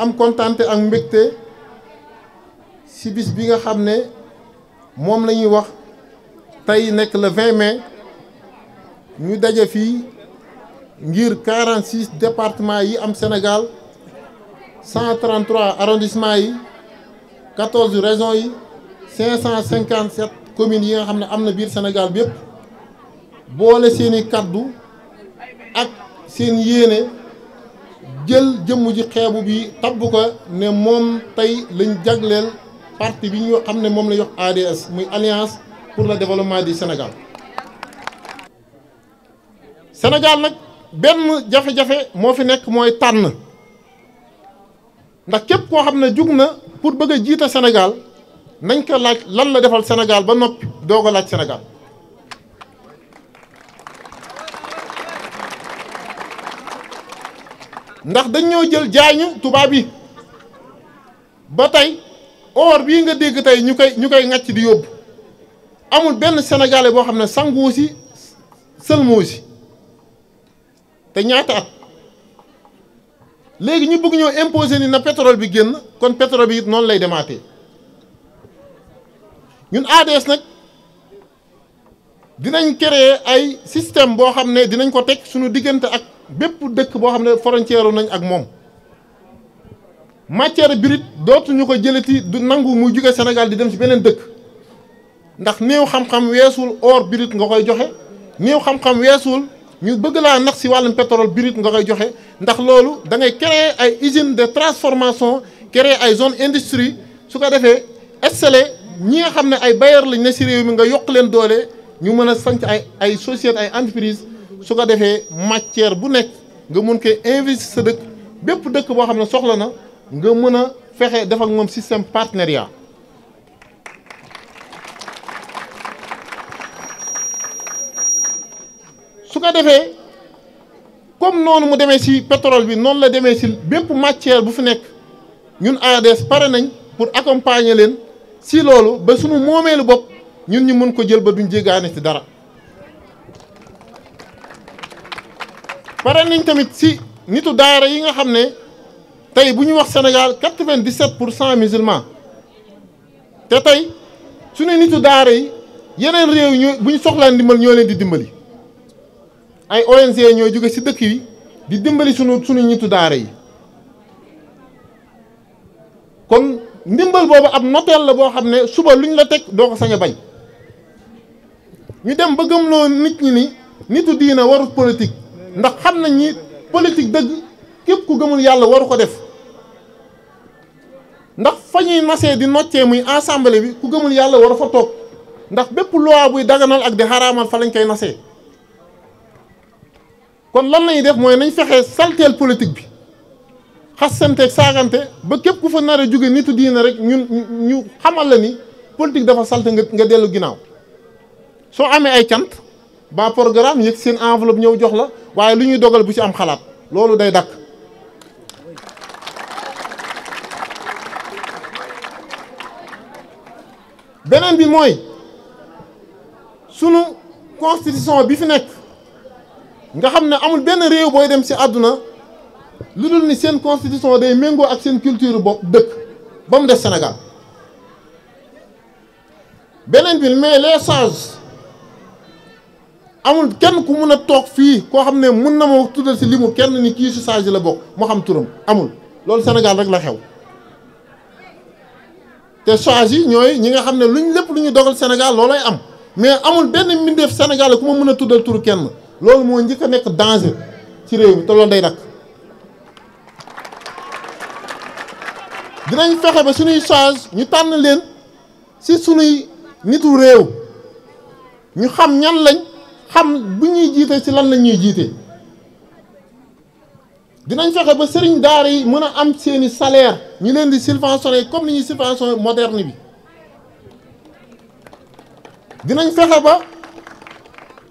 am kontante ak mbégte ci bis bi nga xam ne moom la ñuy wax tey nekk le 20 mai ñu daje fii ngir 46 départements yi am Sénégal 133 arrondissements yi 14 régions yi 557 communes yi nga xam ne am na biir Sénégal bi yëpp boole seeni kaddu ak seen yéene. jël jëmm ji xeebu bi tabb ko ne moom tey lañ jagleel parti bi ñu xam ne moom la yox ADS muy alliance pour la développement du Sénégal Sénégal nag benn jafe-jafe moo fi nekk mooy tànn ndax képp koo xam ne jug na pour bëgg jiita senegal Sénégal nañ ko laaj lan la defal Sénégal ba noppi doog a laaj Sénégal ndax dañ ñoo jël jaañu tubaab yi ba tey or bii nga dégg tey ñu koy ñu koy ŋàcc di yóbbu amul benn sénégalais boo xam ne sanguwu si sëlmoo te ñaata at léegi ñu bëgg ñoo imposer ni na pétrole bi génn kon pétrole bi noonu lay demaatee ñun ADS nag dinañ créer ay système boo xam ne dinañ ko teg suñu diggante ak bépp dëkk boo xam ne frontière nañ ak moom matière brute dootuñu ko jëlati du nangu muy jóge Sénégal di dem ci beneen dëkk ndax néew xam-xam weesul or brut nga koy joxe néew xam-xam weesul ñu bëgg laa nax ci wàllum pétrole brut nga koy joxe ndax loolu da ngay créer ay usines de transformation créer ay zone industrie su ko defee installé ñi nga xam ne ay bailleur lañ ne ci réew mi nga yokk leen doole ñu mën a sanc ay ay société ay entreprise su ko defee matière bu nekk nga mun koy investir sa dëkk bépp dëkk boo xam ne soxla na nga mën a fexe def ak moom système partenariat. su ko defee comme noonu mu demee ci pétrole bi noonu la demee ci bépp matière bu fi nekk ñun ADS pare nañ pour accompagner leen ci loolu ba sunu moomeelu bopp ñun ñu mën ko jël ba duñ jéggaane ci dara. pare nañ tamit si nitu daara yi nga xam ne tey bu ñu wax Sénégal quatre-vingt-dix-sept pour cent musulmans te tey su ne nitu daara yi yeneen réew ñoo bu ñu soxlaan dimbal ñoo leen di dimbali ay ONG ñoo jóge si dëkk yi di dimbali sunu sunu nitu daara yi kon ndimbal boobu ab noteel la boo xam ne suba luñ la teg doo ko sañ bañ ñu dem ba gëmloo nit ñi ni nitu diina warul politique ndax xam nañ ni politique dëgg képp ku gëmul yàlla waru ko def ndax fa ñuy nasee di noccee muy assemblée bi ku gëmul yàlla waru fa toog ndax bépp loi buy daganal ak di xaraamal fa lañ koy nasee kon lan lañuy def mooy nañ fexee salteel politique bi xasanteeg saagante ba képp ku fa nar a jóge nit diina rek ñun ñu xamal la ni politique dafa salt nga nga dellu ginnaaw soo amee ay cant ba programme yëg seen enveloppe ñëw jox la waaye lu ñuy dogal bu ci am xalaat loolu day dakk beneen bi mooy sunu constitution bi fi nekk nga xam ne amul benn réew booy dem ci àdduna lu dul ni seen constitution day méngoo ak seen culture bopp dëkk ba mu def senegal beneen bi mais les sages amul kenn ku mën a toog fii koo xam ne mun na ma tuddal si limu kenn ni kii Soussagy la bokk moo xam turam amul loolu Sénégal rek la xew te yi ñooy ñi nga xam ne luñ lépp lu ñu dogal Sénégal loolay am mais amul benn mbindeef Sénégal ku ma mën a tuddal turu kenn loolu moo njëkk a nekk danger ci réew mi te loolu day dakk dinañ fexe ba suñuy Soussagy ñu tànn leen si suñuy nitu réew ñu xam ñan lañ xam bu ñuy jiite ci lan lañuy jiite dinañ fexe ba sëriñ daara yi mën a am seeni salaire ñi leen di subventionné comme ni ñuy subventionné moderne bi dinañ fexe ba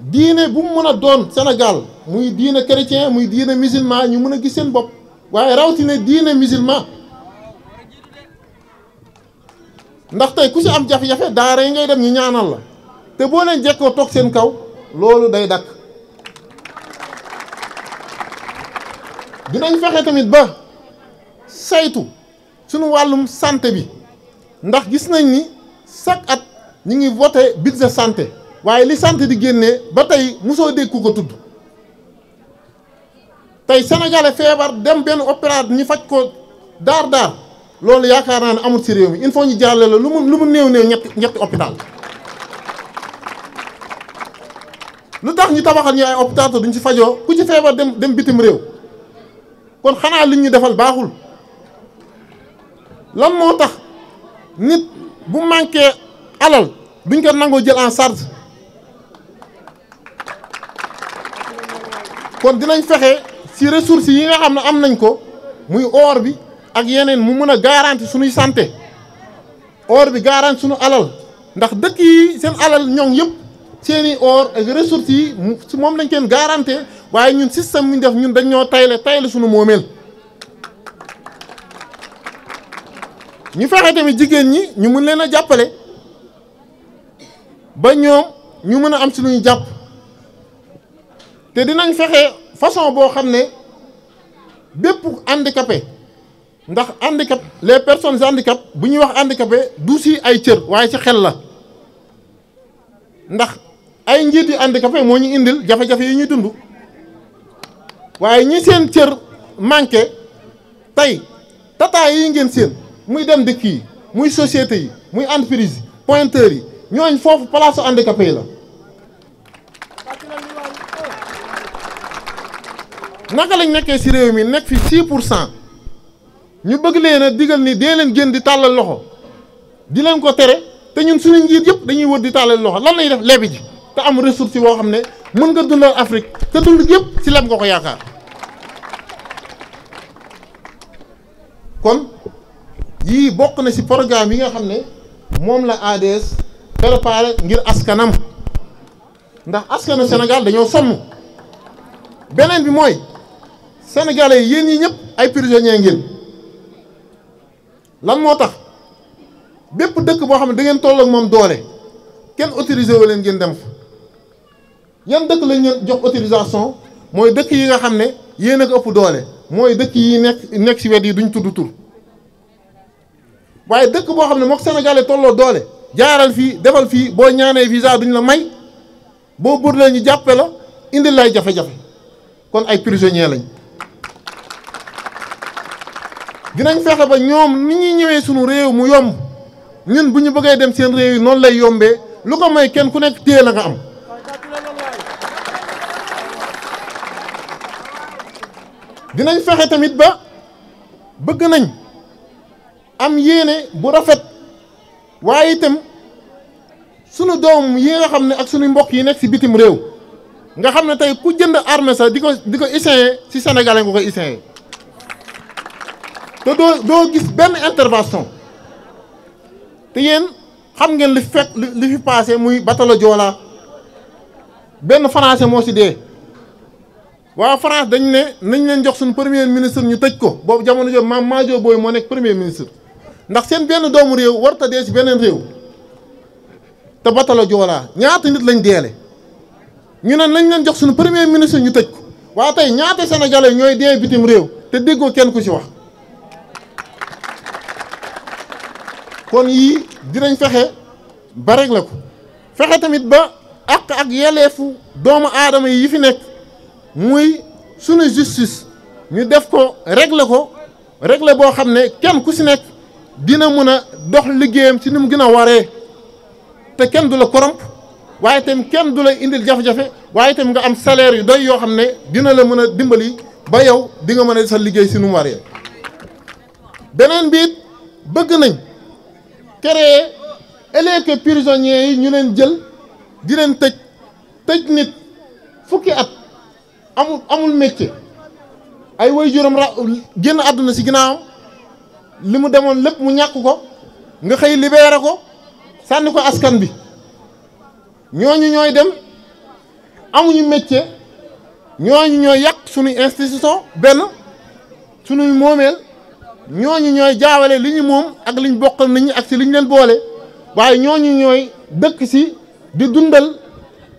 diine bu mu mën a doon Sénégal muy diine chrétien muy diine musulman ñu mën a gis seen bopp waaye rawatina diine musulman ndax tey ku ci am jafe-jafe daara yi ngay dem ñu ñaanal la te boo leen jekkoo toog seen kaw. loolu day dakk dinañ fexe tamit ba saytu suñu wàllum santé bi ndax gis nañ ni chaque at ñi ngi voté budget santé waaye li sante di génnee ba tey mosoo dégg ku ko tudd tey sénégalais feebar dem benn opérateur ñu faj ko daar daar loolu yaakaar naa ne amul si réew mi il faut ñu jaarale la lu mu lu mu néew néew ñetti ñetti lu tax ñu tabaxal ñu ay hôpital te duñ ci fajoo ku ci feebar dem dem bitim réew kon xanaa liñ ñu defal baaxul lan moo tax nit bu manqué alal duñ ko nangoo jël en charge kon dinañ fexe ci ressources yi nga xam ne am nañ ko muy or bi ak yeneen mu mën a garanti suñuy sante or bi garanti suñu alal ndax dëkk yi seen alal ñoom yëpp. seeni or ak ressources yi si moom lañ kenn garanté waaye ñun système bi ñu def ñun dañ ñoo tayle tayle suñu moomeel ñu fexe tamit jigéen ñi ñu mën leen a jàppale ba ñoom ñu mën a am si lu ñu jàpp te dinañ fexe façon boo xam ne bépp handicapé ndax handicap les personnes handicap bu ñuy wax handicapé du si ay cër waaye ci xel la ndax ay njiit yu handicapé moo ñu indil jafe-jafe yi ñuy dund waaye ñi seen cër manqué tey tata yi ngeen seen muy dem dëkk yi muy société yi muy entreprise yi pointeur yi ñooñ foofu place handicapé yi la naka lañ nekkee ci réew mi nekk fi pour cent ñu bëgg leen a digal ni dee leen gën di tàllal loxo di leen ko tere te ñun suñu njiit yëpp dañuy wër di tàllal loxo lan lay def lebi ji te am ressource boo xam ne mën nga dundal Afrique te dund yëpp ci leb nga ko yaakaar kon yii bokk na ci programme yi nga xam ne moom la ADS préparé ngir askanam ndax askanu senegal dañoo sonn beneen bi mooy sénégalais yi yéen yi ñëpp ay prisonniers ngeen lan moo tax bépp dëkk boo xam ne da ngeen toll ak moom doole kenn autorisé wu leen ngeen dem fa yan dëkk lañ leen jox autorisation mooy dëkk yi nga xam ne yéen a ko ëpp doole mooy dëkk yi nekk nekk ci wet yi duñ tudd tur waaye dëkk boo xam ne moo mook sénégalais tolloo doole jaaral fii defal fii boo ñaanee visa duñu la may boo bur la ñu jàppe la indil lay jafe-jafe kon ay prisonniers lañ dinañ fexe ba ñoom ni ñuy ñëwee sunu réew mu yomb ñun bu ñu bëggee dem seen réew yi noonu lay yombee lu ko may kenn ku nekk téye la nga am dinañ fexe tamit ba bëgg nañ am yéene bu rafet waaye itam sunu doom yi nga xam ne ak sunu mbokk yi nekk ci bitim réew nga xam ne tey ku jënd arme sax di ko di ko essayer ci sénégalais nga koy essayer te doo doo gis benn intervention te yéen xam ngeen li fekk li fi passé muy batalo Joola benn français moo ci dee waa France dañ ne nañ leen jox suñu premier ministre ñu tëj ko boobu jamono joo maam Maajo Booy moo nekk premier ministre ndax seen benn doomu réew war ta dee ci beneen réew te batala joolaa ñaata nit lañ deele ñu ne nañ leen jox suñu premier ministre ñu tëj ko waa tey ñaata sénégalais ñooy dee bitim réew te déggoo kenn ku ci wax kon yii dinañ fexe ba rek la ko fexe tamit ba ak ak yelleefu doomu aadama yi fi nekk muy sunu justice ñu def ko regle ko regle boo xam ne kenn ku si nekk dina mën a dox liggéeyam ci ni mu gën a waree te kenn du la corrompre waaye itam kenn du la indil jafe-jafe waaye itam nga am salaire yu doy yoo xam ne dina la mën a dimbali ba yow di nga mën a sa liggéey si nu mu waree beneen biit bëgg nañ créer ëllëg prisonniers yi ñu leen jël di leen tëj tëj nit fukki at. amul amul métier ay waajuram ra génn àdduna si ginnaawam li mu demoon lépp mu ñàkk ko nga xëy libéré ko sànni ko askan bi ñooñu ñooy dem amuñu métier ñooñu ñooy yàq suñuy institution benn sunuy moomeel ñooñu ñooy jaawale li ñu moom ak liñ bokkal nit ñi ak si liñ leen boole waaye ñooñu ñooy dëkk si di dundal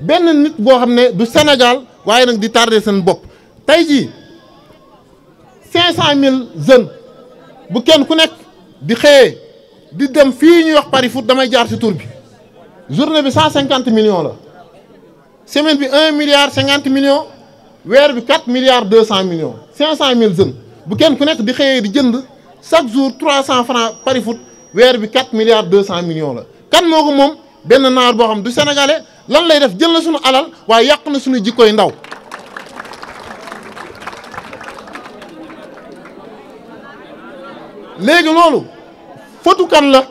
benn nit boo xam ne du Sénégal waaye nag di tardé seen bopp tey jii cinq cent mille jeunes bu kenn ku nekk di xëyee di dem fii ñuy wax Paris foot damay jaar ci tour bi journée bi cent cinquante millions la semaine bi un milliard cinquante millions weer bi quatre milliards deux cent millions cinq cent mille jeunes bu kenn ku nekk di xëyee di jënd chaque jour trois cent francs Paris foot weer bi quatre milliards deux cent millions la kan moo ko moom benn naar boo xam du sénégalais lan lay def jël na suñu alal waaye yàq na suñu jikkoy ndaw léegi loolu fatu kan la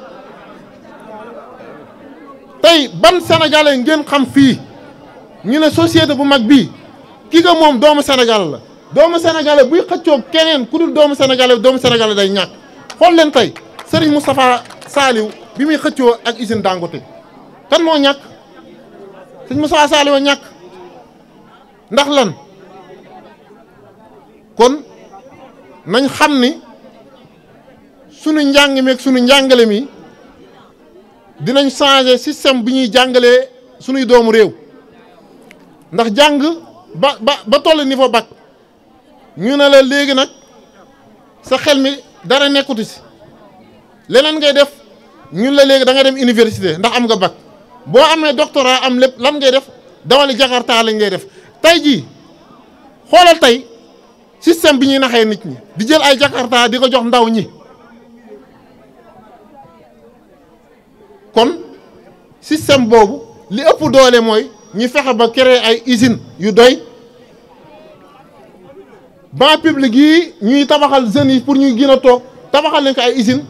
tey ban sénégalais ngeen xam fii ñu ne société bu mag bii kii ko moom doomu sénégal la doomu sénégalais buy xëccoo keneen ku dul doomu sénégalais doomu sénégalais day ñàkk xool leen tey Serigne Moustapha Saliou bi muy xëccoo ak usine Dangote kan moo ñàkk sëñ Moussa Saliou a ñàkk ndax lan kon nañ xam ni sunu njàng mi ak sunu njàngale mi dinañ changer système bi ñuy jàngalee sunuy doomu réew ndax jàng ba ba ba toll niveau bac ñu ne la léegi nag sa xel mi dara nekkutu si leneen ngay def ñun la léegi da nga dem université ndax am nga bac boo amee doctorat am lépp lan ngay def dawali jakarta lañ ngay def tey jii xoolal tey système bi ñuy naxee nit ñi di jël ay jakarta di ko jox ndaw ñi kon système boobu li ëpp doole mooy ñu fexe ba créer ay usine yu doy banc public yi ñuy tabaxal jeunes yi pour ñuy gën a toog tabaxal leen ko ay usine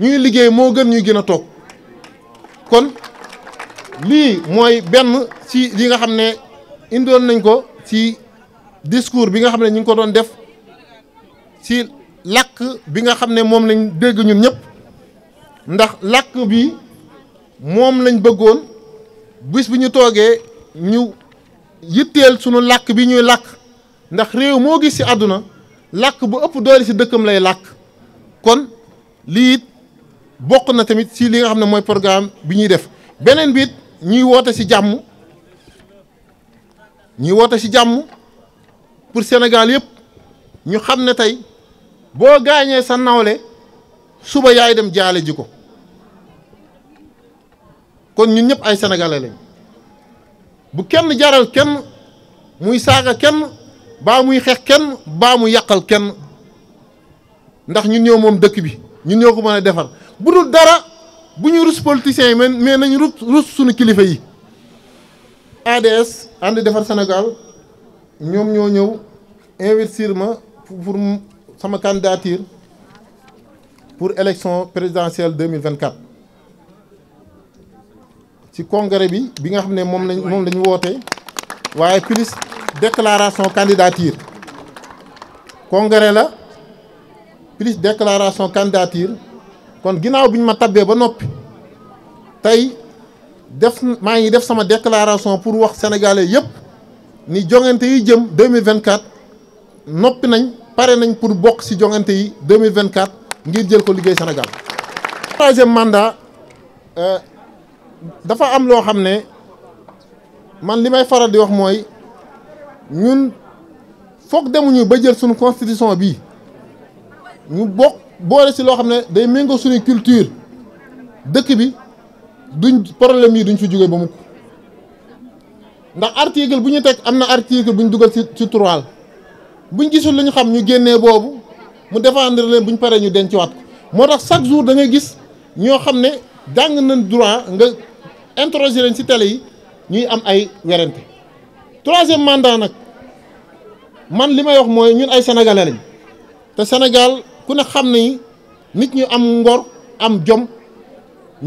ñuy liggéey moo gën ñuy gën a toog kon lii mooy benn ci li nga xam ne indoon nañ ko ci discours bi nga xam ne ñu ngi ko doon def ci làkk bi nga xam ne moom lañ dégg ñun ñëpp ndax làkk bi moom lañ bëggoon bis bi ñu toogee ñu yitteel sunu làkk bi ñuy làkk ndax réew moo gis ci àdduna làkk bu ëpp doole ci dëkkam lay làkk kon lii it bokk na tamit ci li nga xam ne mooy programme bi ñuy def beneen biit ñuy woote ci jàmm ñuy woote ci jàmm pour Sénégal yëpp ñu xam ne tey boo gaañee sa nawle suba yaay dem jaale ji ko kon ñu ñëpp ay sénégalais lañ bu kenn jaral kenn muy saaga kenn baa muy xeex kenn baa mu yàqal kenn ndax ñu ñoo moom dëkk bi ñu ñoo ko mën a defar bu dul dara. bu ñu rus politiciens yi mais nañu rus rus suñu kilifa yi ADS ànd defar Sénégal ñoom ñoo ñëw investir ma pour sama candidature pour élection présidentielle 2024 ci congrès bi bi nga xam ne moom lañ moom lañu woote waaye plus déclaration candidature congrès la plus déclaration candidature kon ginnaaw bi ñu ma tabbee ba noppi tey def maa ngi def sama déclaration pour wax sénégalais yëpp ni jongante yi jëm 2024 noppi nañ pare nañ pour bokk ci jongante yi 2024 ngir jël ko liggéey Sénégal. troisième mandat euh, dafa am loo xam ne man li may faral di wax mooy ñun foog demuñu ba jël suñu constitution bi ñu bokk. boole si loo xam ne day méngoo suñu culture dëkk bi duñ problème yi duñ fi jóge ba mukk ndax article bu ñu teg am na article bu ñu dugal si si tural buñ gisul lu ñu xam ñu génnee boobu mu défendre leen buñ paree ñu dencuwaat ko moo tax chaque jour da ngay gis ñoo xam ne jàng nañ droit nga introduire leen si télé yi ñuy am ay werante troisième mandat nag man li may wax mooy ñun ay sénégalais lañ te Sénégal. ku ne xam ni nit ñu am ngor am jom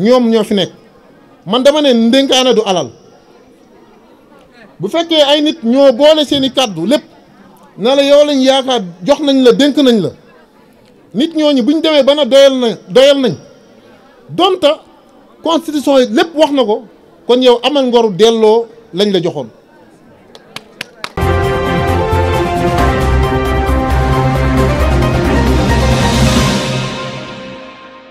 ñoom ñoo fi nekk man dama ne ndénkaane du alal bu fekkee ay nit ñoo boole seeni kàddu lépp na la yow lañ yaakaar jox nañ la dénk nañ la nit ñooñu buñ demee ba na doyal na doyal nañ donta constitution yi lépp wax na ko kon yow amal ngoru delloo lañ la joxoon